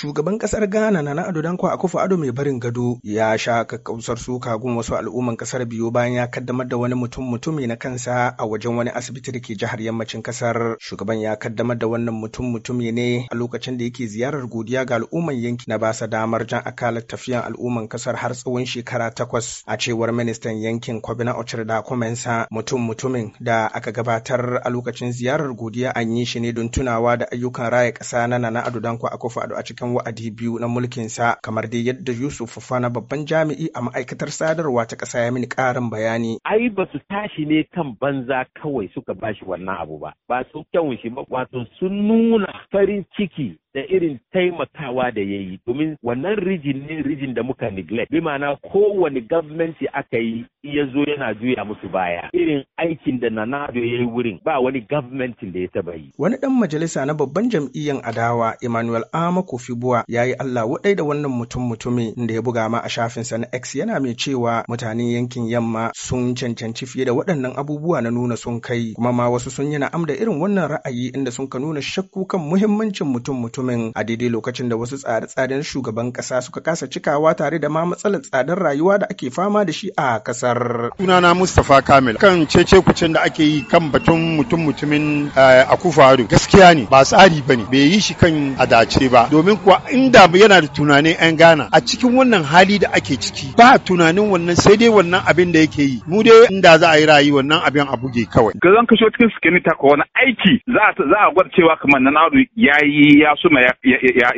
shugaban kasar ghana nana ado a akufo ado mai barin gado ya sha kakkausar suka gun wasu al'umman kasar biyu bayan ya kaddamar da wani mutum mutumi na kansa a wajen wani asibiti da ke jihar yammacin kasar shugaban ya kaddamar da wannan mutum mutumi ne a lokacin da yake ziyarar godiya ga al'umman yanki na basa damar jan akalar tafiyan al'umman kasar har tsawon shekara takwas a cewar ministan yankin kwabina ochir da komensa mutum mutumin da aka gabatar a lokacin ziyarar godiya an yi shi ne don tunawa da ayyukan raya ƙasa na nana ado dankwa akufo ado a cikin 'yan wa'adi biyu na mulkinsa kamar dai yadda Yusuf na babban jami'i a ma'aikatar sadarwa ta ƙasa ya mini ƙarin bayani. Ai ba su tashi ne kan banza kawai suka bashi wannan abu ba. Ba su kyawun shi ba wato sun nuna farin ciki da irin taimakawa da ya yi domin wannan rijin ne rijin da muka neglect bi ma'ana kowane gwamnati aka yi ya zo yana juya musu baya irin aikin da nanado ya yi wurin ba wani gwamnati da ya taba yi wani dan majalisa na babban jam'iyyar adawa emmanuel ama kofibuwa ya yi allah wadai da wannan mutum mutumi da ya buga ma a shafinsa na x yana mai cewa mutanen yankin yamma sun cancanci fiye da waɗannan abubuwa na nuna sun kai kuma ma wasu sun yi na'am da irin wannan ra'ayi inda sun ka nuna shakku kan muhimmancin mutum mutum mutumin a daidai lokacin da wasu tsare-tsaren shugaban kasa suka kasa cikawa tare da ma matsalar tsadar rayuwa da ake fama da shi a kasar. Sunana Mustapha Kamil kan cece kucin da ake yi kan batun mutum mutumin eh, a kufaru gaskiya ne ba tsari ne. bai yi shi kan adace ba domin kuwa inda yana da tunanin 'yan gana. a cikin wannan hali da ake ciki ba tunanin wannan sai dai wannan abin da yake yi mu dai inda za a yi rayu wannan abin a buge kawai. Ga zan kashe cikin sikinita ko wani aiki za a gwada cewa kamar na ya yi ya so soma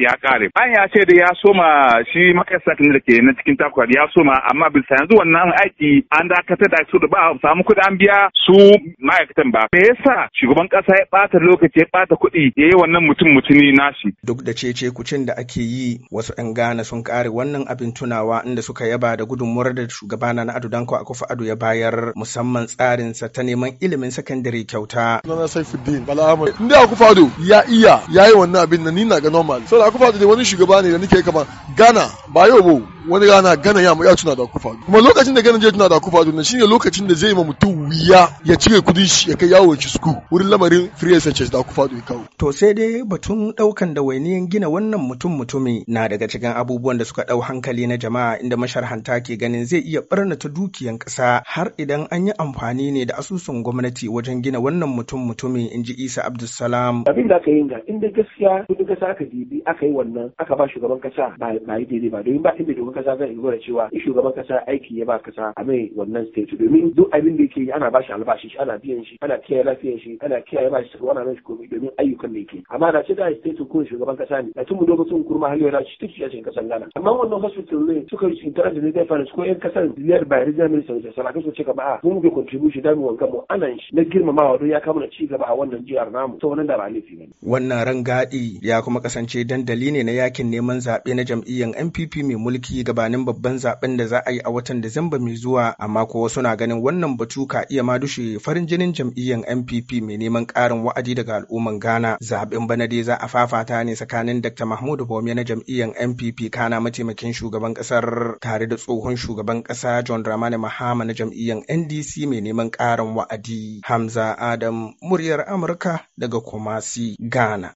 ya kare bayan ya ce da ya soma shi makasa kan da ke na cikin takwar ya soma amma bisa yanzu wannan aiki an dakatar da su da ba samu kuɗi an biya su ma'aikatan ba me yasa shugaban kasa ya bata lokaci ya bata kuɗi ya yi wannan mutum mutumi nashi duk da cece kucin da ake yi wasu 'yan Ghana sun kare wannan abin tunawa inda suka yaba da gudunmuwar da shugaba na Ado Danko Akufo Ado ya bayar musamman tsarinsa ta neman ilimin sakandare kyauta. Sunana Saifuddin Bala Inda Akufo Ado ya iya wannan abin nan ni na ga normal so da aka da wani shugaba ne da nake kama gana ba yau wani rana gana ya ya tuna da kufa kuma lokacin da gana zai tuna da kufa don shine lokacin da zai ma mutum wuya ya cire kudin shi ya kai yawon shi suku wurin lamarin free sanchez da kufa don kawo to sai dai batun daukan da wainiyan gina wannan mutum mutumi na daga cikin abubuwan da suka dau hankali na jama'a inda masharhanta ke ganin zai iya barnata dukiyan kasa har idan an yi amfani ne da asusun gwamnati wajen gina wannan mutum mutumi in ji isa abdulsalam abin da aka yi inda gaskiya kudin kasa aka dibi aka yi wannan aka ba shugaban kasa ba yi daidai ba domin ba inda shugaban kasa zai lura cewa in shugaban kasa aiki ya ba kasa a mai wannan state domin duk abin da yake yi ana bashi albashi ana biyan shi ana kiyaye lafiyar shi ana kiyaye bashi tsaro ana shi komai domin ayyukan da yake amma da ce da state ko shugaban kasa ne a tumu dogo sun kurma har yau shi tuki a cikin kasan Ghana amma wannan hospital ne suka yi interest ne zai fara ko yan kasan liyar ba regional minister da saraka su ce ka ba mun bi contribution da mu wanka mu anan shi na girmamawa don ya kama ci gaba a wannan jihar namu to wannan da ba laifi ne wannan rangadi ya kuma kasance dandali ne na yakin neman zaɓe na jam'iyyar NPP mai mulki gabanin babban zaben da za a yi a watan Disamba mai zuwa amma kowa suna ganin wannan batu ka iya ma dushe farin jinin jam'iyyar NPP mai neman ƙarin wa'adi daga al'umman Ghana. Zaben bana dai za a fafata ne tsakanin Dr. Mahmudu Bawumia na jam'iyyar NPP kana mataimakin shugaban ƙasar tare da tsohon shugaban ƙasa John Dramani Mahama na jam'iyyar NDC mai neman ƙarin wa'adi. Hamza Adam muryar Amurka daga Kumasi, Ghana.